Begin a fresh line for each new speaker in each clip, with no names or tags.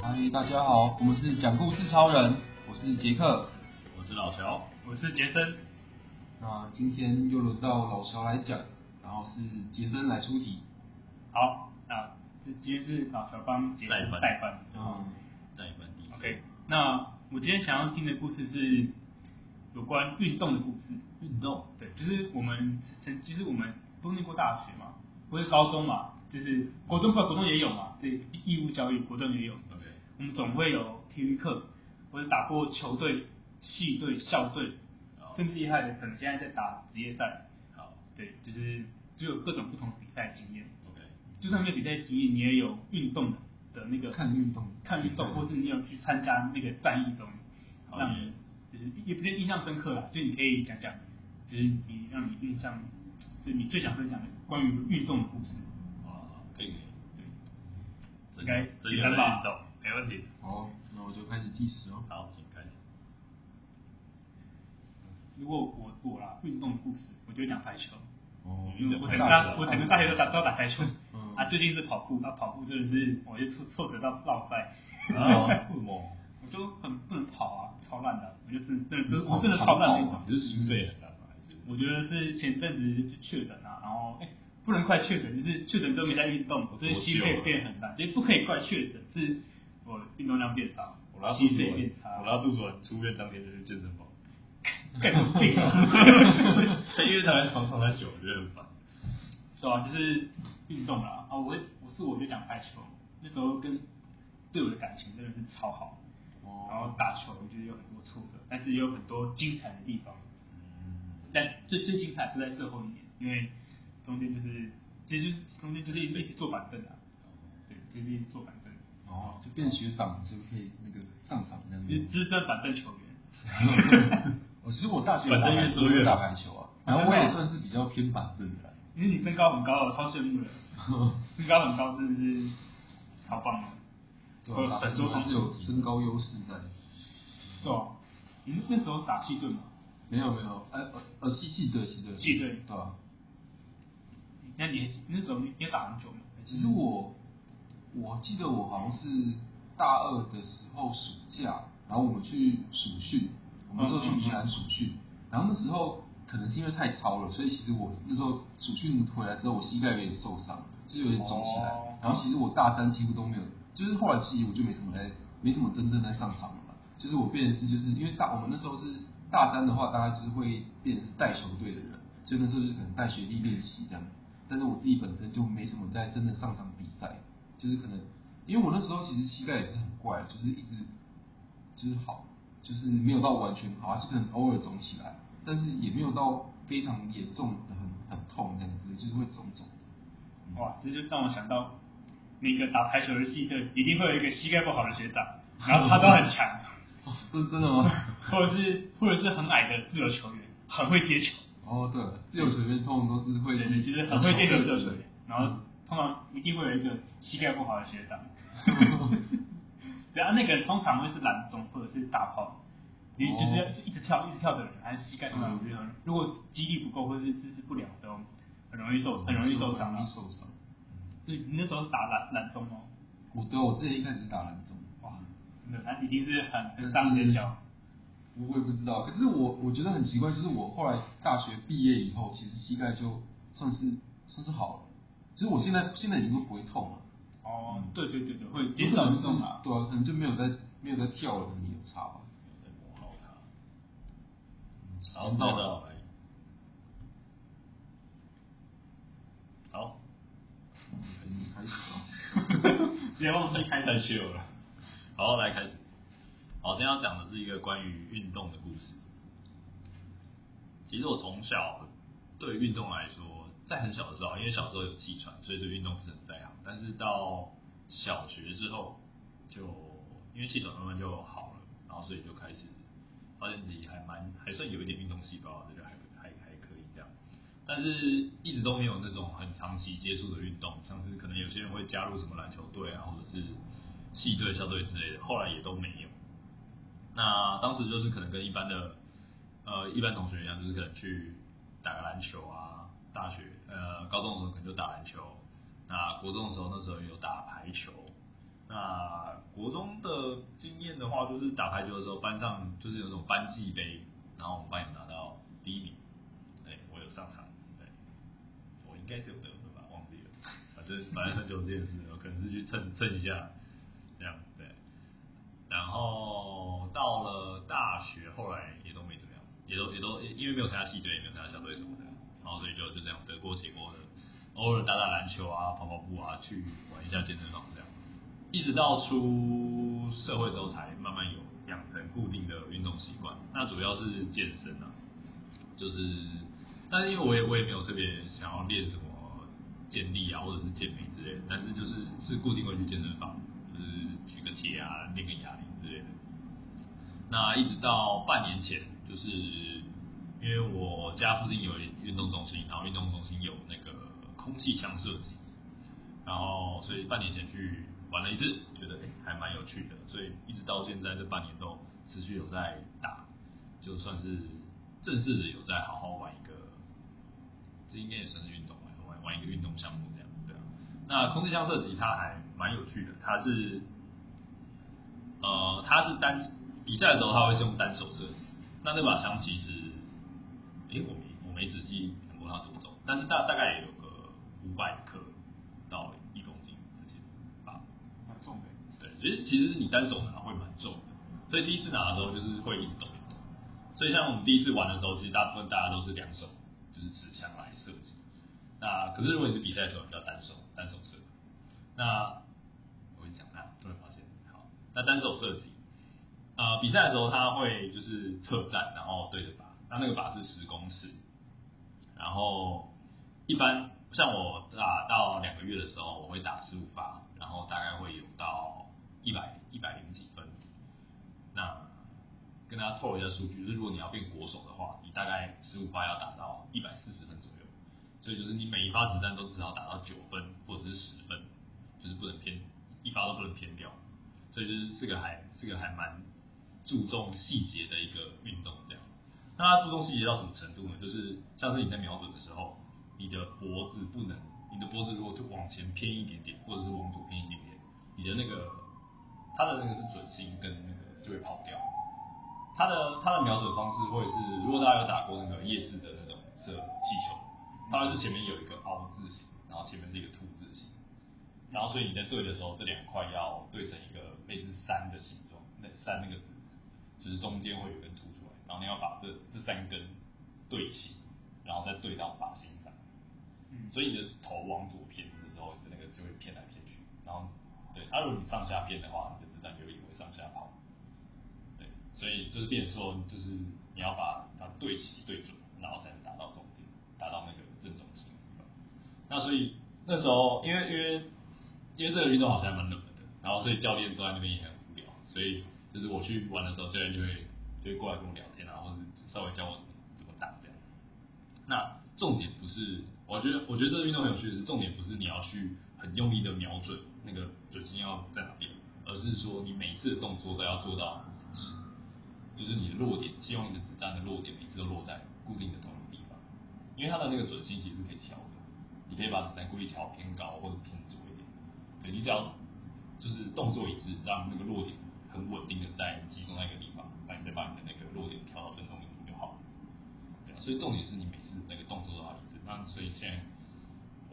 嗨，大家好，我們是講故事超人，我是傑克，
我是老喬，我是傑森。
那今天又輪到老喬來講，然後是傑森來出題。
好，那、啊、這今天是老喬幫傑森代班，嗯，代班。OK，那我今天想要聽的故事是。有關運動的故事，運動，對，就是我們曾其實我們不都念過大學嘛，不是高中嘛，就是國中不國中也有嘛，對，義務教育國中也有，對，OK，我們總會有體育課，或者打過球隊、系隊、校隊，甚至厲害的可能現在在打職業賽，好，對，就是就有各種不同的比賽經驗，OK，就算沒有比賽經驗，你也有運動的那個看運動，看運動，或是你有去參加那個戰役中，好讓就是也不是印象深刻啦，就是你可以講講，就是你讓你印象，就是你最想分享的關於運動的故事。啊，可以，可以，對，應該簡單吧，沒問題。哦，那我就開始計時哦。好，請開始、嗯。如果我我啦，運動的故事，我就講排球。哦。因為我整個大、嗯、大我整個大學都打都打排球。嗯。啊，最近是跑步，那跑步真的是我就挫挫折到爆曬。啊、哦，跑 步、嗯。我就很不能跑啊，超爛的。我就是真，真的，嗯、真的超爛那種，哦啊、就是心肺很爛。我覺得是前陣子確診啊，然後、欸、不能怪確診，就是確診之後沒在運動，嗯，所以心肺變很爛。所以、就是、不可以怪確診，是我運動量變少，心肺變差。我拉肚子出院當天就去健身房，肯定。病啊、 常常在醫院躺在床床上久了，我覺得很煩。對啊，就是運動啦啊，我我是我，我就講排球，那時候跟隊友的感情真的是超好。然後打球，我覺得有很多挫折，但是也有很多精彩的地方。嗯，但最最精彩是在最後一年，因為中間就是其實中間就是一直，一直坐板凳啊，對，一直坐板凳。哦，就變
學長就可以那個上場，那其
實資深板凳球員。我 其實我大學也做也打排球啊板，然後我也算是比較偏板凳的，因為你身高很高啊，我超羨慕的， 身高很高是不是？超棒的。
本週、啊、還，還是有身高優勢在。對啊、你是你們那時候打氣對嗎？沒有沒有，哎、啊，呃、啊，氣氣盾氣氣對。對、啊。那你那時候也打很久嗎？其實我，我記得我好像是大二的時候暑假，然後我們去暑訓，我們那時候去米蘭暑訓，然後那時候可能是因為太操了，所以其實我那時候暑訓回來之後，我膝蓋有點受傷，就有點腫起來、哦，然後其實我大三幾乎都沒有。就是後來其實我就沒怎麼在，沒怎麼真正在上場了嘛。就是我變的是，就是，就是因為大我們那時候是大三的話，大家就是會變成帶球隊的人，所以那時候就可能帶學弟練習這樣子。但是我自己本身就沒什麼在真的上場比賽，就是可能因為我那時候其實膝蓋也是很怪，就是一直就是好，就是沒有到完全好，就是可能偶爾腫起來，但是也沒有到非常嚴重的很很痛這樣子，就是會腫腫的，
嗯。哇，這就讓我想到。那個打排球的戲，就一定會有一個膝蓋不好的學長，然後他都很強。哦，是真的嗎？或者是，或者是很矮的自由球員，很會接
球。哦、oh，對，對，自由球員通常都是會就是很會接球的，
然後通常一定會有一個膝蓋不好的學長。Oh、 對啊，那個人通常會是攔中或者是大炮，oh、你就是要一直跳一直跳的人，還是膝蓋通常的這人，如果肌力不夠或是姿勢不良的時候，很容易受很容易受傷。你那時候是打籃籃中嗎？我對，我之前一開始打籃中。哇，
真的？他一定是很很傷你的。我也不知道，可是我我覺得很奇怪，就是我後來大學畢業以後，其實膝蓋就算是算是好了，其實我現在現在已經都不會痛了。哦，對對對對，會減少運動啊，對啊，可能就沒有在沒有在跳了，有差吧，沒有在磨耗它。找、嗯、到了。對
開始，別忘記開燈秀了。好，來開始。好，今天要講的是一個關於運動的故事。其實我從小對運動來說，在很小的時候，因為小時候有氣喘，所以對運動不是很在行。但是到小學之後，就因為氣喘慢慢就好了，然後所以就開始發現自己還蠻還算有一點運動細胞的。對但是一直都沒有那種很長期接觸的運動，像是可能有些人會加入什麼籃球隊啊，或者是系隊、校隊之類的，後來也都沒有。那當時就是可能跟一般的呃一般同學一樣，就是可能去打個籃球啊。大學呃高中的時候可能就打籃球，那國中的時候那時候有打排球。那國中的經驗的話，就是打排球的時候班上就是有種班級杯，然後我們班有拿到第一名，哎，我有上場。應該是得了吧，忘記了，反、啊、正 反正很久沒練事了，可能是去蹭蹭一下，這樣對。然後到了大學，後來也都沒怎麼樣，也都也都因為沒有參加系隊，也沒有參加校隊什麼的，然後所以就就這樣得過且過的，偶爾打打籃球啊，跑跑步啊，去玩一下健身房這樣。一直到出社會都才慢慢有養成固定的運動習慣，那主要是健身啊，就是。但是因為我也我也沒有特別想要練什麼健力啊，或者是健美之類的，但是就是是固定會去健身房，就是舉個鐵啊，練個啞鈴之類的。那一直到半年前，就是因為我家附近有運動中心，然後運動中心有那個空氣槍射擊。然後所以半年前去玩了一次，覺得哎、欸、還蠻有趣的，所以一直到現在這半年都持續有在打，就算是正式的有在好好。這應該也算是運動吧，玩玩一個運動項目這樣，對啊。那空氣槍射擊它還蠻有趣的，它是，呃，它是單，比賽的時候它會是用單手射擊。那那把槍其實，誒、欸，我沒我沒仔細看過它多重，但是大大概也有個五百克到一公斤之間吧，蠻重的。對，其實其實你單手拿會蠻重的，所以第一次拿的時候就是會一直抖。所以像我們第一次玩的時候，其實大部分大家都是兩手。就是持槍來射擊。那可是如果你是比賽的時候比較單手、嗯、單手射，那我會講那突然發現，好，那單手射擊，呃，比賽的時候他會就是側站，然後對着靶，那那個靶是十公尺。然後一般像我打到兩個月的時候，我會打十五發，然後大概會有到一百一百零幾。跟那他透一下數據，就是如果你要變國手的話，你大概十五發要打到一百四十分左右，所以就是你每一發子彈都至少打到九分或者是十分，就是不能偏，一發都不能偏掉。所以就是是個還是個還蠻注重細節的一個運動這樣。那他注重細節到什麼程度呢？就是像是你在瞄準的時候，你的脖子不能，你的脖子如果就往前偏一點點，或者是往左偏一點點，你的那個他的那個是準心跟那個就會跑掉。它的它的瞄準方式會是，如果大家有打過那個夜市的那種射氣球，它就是前面有一個凹字形，然後前面是一個凸字形，然後所以你在對的時候，這兩塊要對成一個類似山的形狀，那山那個字，就是中間會有一根凸出來，然後你要把這這三根對齊，然後再對到靶心上。嗯，所以你的頭往左偏的時候，你的那個就會偏來偏去，然後對它、啊、如果你上下偏的話，你的子彈就，就也會上下跑。所以就是練的時候，就是你要把它對齊、對準，然後才能達到終點，達到那個正中心。那所以那時候，因為因為因為這個運動好像蠻冷門的，然後所以教練坐在那邊也很無聊。所以就是我去玩的時候，教練就會就會過來跟我聊天，然後稍微教我怎麼，怎麼打這樣。那重點不是，我覺得我覺得這個運動很有趣的是，重點不是你要去很用力的瞄準那個準心要在哪邊，而是說你每次的動作都要做到。就是你的落點，希望你的子彈的落點每次都落在固定的同一個地方，因為它的那個準心其實是可以調的，你可以把子彈故意調偏高或者偏左一點，所以，對，你只要就是動作一致，讓那個落點很穩定的在集中在一個地方，那你再把你的那個落點調到正中心就好了。對啊，對，所以重點是你每次的那個動作都要一致，那所以現在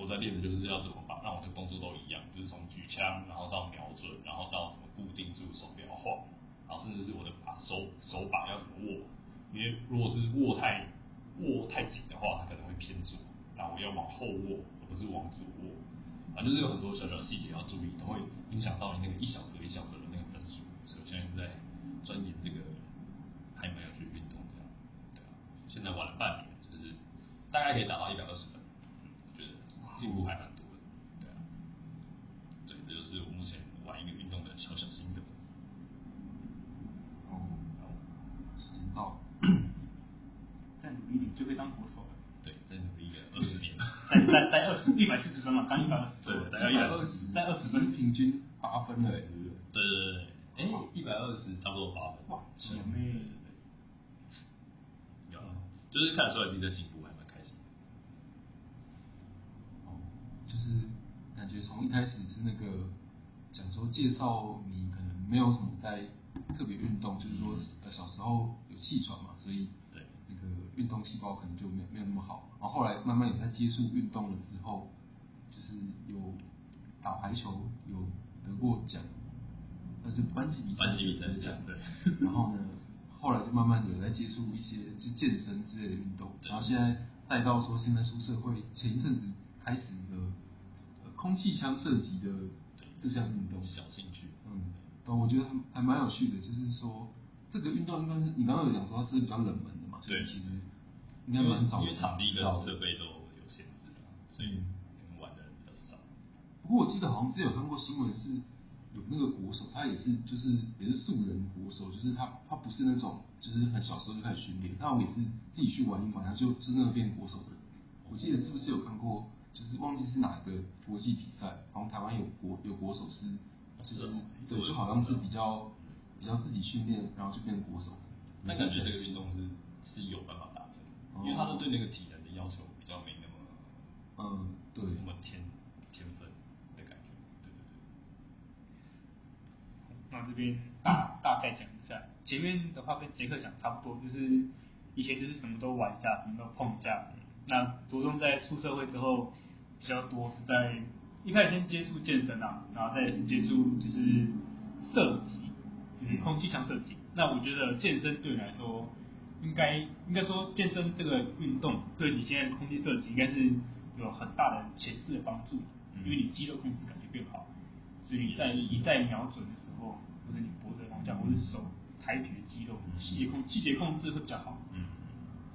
我在練的就是要怎麼把讓我的動作都一樣，就是從舉槍然後到瞄準，然後到什麼固定住手搖晃。甚至是我的把手手把要怎麼握，因為如果是握太握太緊的話，它可能會偏左。那我要往後握，而不是往左握。反、啊、正就是有很多小小細節要注意，都會影響到你那個一小格一小格的那個分數。所以我現在在鑽研這個，還蠻有去運動這樣。對啊，現在玩了半年，就是大概可以達到一百二十分，我覺得進步還蠻多的。對啊，對，這就是我目前玩一個運動。就被當國手了。對，再努力個二十年。在在在二十一百四十分嘛，剛一百二十。對，一百二十在二十
分平均八分了。對對對對，哎，一百二十差
不多八分。哇，前面。有，了對對對有，了有了，就是看得出來你的進
步，蠻蠻開心。哦，就是感覺從一開始是那個講說介紹你，可能沒有什麼在特別運動，嗯，就是說呃小時候有氣喘嘛，所以。運動細胞可能就沒有沒有那麼好，然後後來慢慢也在接觸運動了之後，就是有打排球，有得過獎，那、呃、就班級比賽獎對。然後呢， 後來就慢慢的在接觸一些就健身之類的運動，然後現在帶到說現在出社會，前一陣子開始的空氣槍射擊的這項運動小興趣，嗯，我覺得還蠻有趣的，就是說這個運動應該是你剛剛有講說它是比較冷門的。對，其實應該蠻少，
因為場地跟設備都有限制的，所以可能、嗯、玩的人比較少。
不過我記得好像之前有看過新聞，是有那個國手，他也是就是也是素人國手，就是他他不是那種就是很小時候就開始訓練、嗯，但我也是自己去玩一玩，他就就那麼變國手的、哦。我記得是不是有看過，就是忘記是哪一個國際比賽，好像台灣有國有國手是、啊就是什麼？對，就好像是比較、嗯、比較自己訓練，然後就變國手、嗯、
那感覺這個運動是，是有辦法達成，因為他是對那個體能的要求比較沒那麼，那麼，嗯，對，那麼天天分的感覺，對對對。那這邊大大概講一下，前面的話跟傑克講差不多，就是以前就是什麼都玩一下，什麼都碰一下。那着重在出社會之後比較多時代，是在一開始先接觸健身啊，然後再接觸就是射擊，就是空氣槍射擊。那我覺得健身對你來說。應該應該說健身這個運動對你現在空氣射擊，應該是有很大的前置的幫助的。嗯，因為你肌肉控制感覺變好，嗯，所以你在一再瞄準的時候，或者你脖子的方向，嗯，或者手抬舉的肌肉細節控細節、嗯，控制會比較好。嗯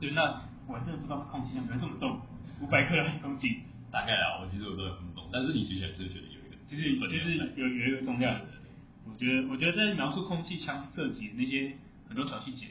對，那我真的不知道空氣槍怎麼這麼重，五百克公斤？大概啊，我其實我都很重，但是你其實還是覺得有一個，其實就是有有一個重量，嗯，對對對對，我覺得我覺得在描述空氣槍射擊那些很多小細節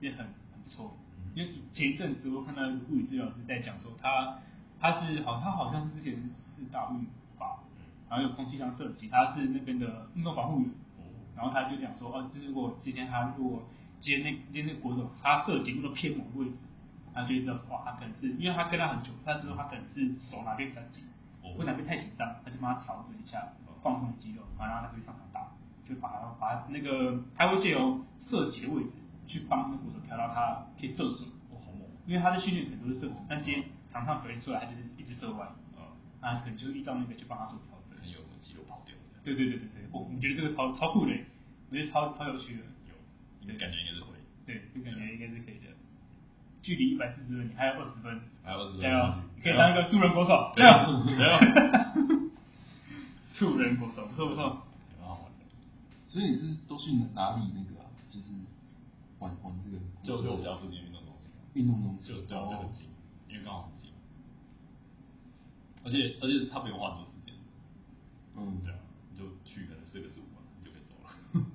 也很。沒錯，因為前一陣子我看到一個物理治療師在講說他，他他是好，他好像是之前四大運法，然後有空氣槍射擊，他是那邊的運動防護員，然後他就講說，哦、啊，這是我之前他如果接那接那個國手，他射擊的片偏位置，他就知道哇，他可能是因為他跟他很久，但是他可能是手哪邊比較緊，哦，會哪邊太緊張，他就幫他調整一下，放鬆肌肉，然後他可以上場打，就把他把那個他會借由射擊的位置，去幫那個國手調到他可以射準，哇好猛！因為他的訓練很多是射準，但今天常常表現出來，他就是一直射歪，啊，可能就遇到那個，就幫他做調整。可能有肌肉跑掉。對對對對對，我我覺得這個超超酷的，我覺得超超有趣的有。有你的感覺應該是可以。對，就感覺應該是可以的。距離一百四十分，你還有二十分。還有二十分。對啊，加油可以，可以當一個素人國手，對啊。 素人國手，不錯，不錯。哦，所以你是都去哪裡那個、啊、
就是。玩玩這個，
就是、我家附近運動中心、啊，運動中心就對我家、這個近、哦，因為剛好很近，而且而且他不用花很多時間，嗯，對啊，你就去可能四個十五分，你就可以走了。呵呵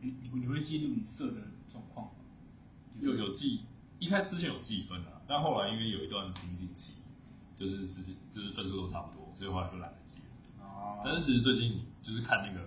你你會記錄你色的狀況嗎？就是、有，有記，一開始之前有記分啊，但後來因為有一段瓶頸期，就是時間，就是分數都差不多，所以後來就懶得記了、哦。但是其實最近就是看那個。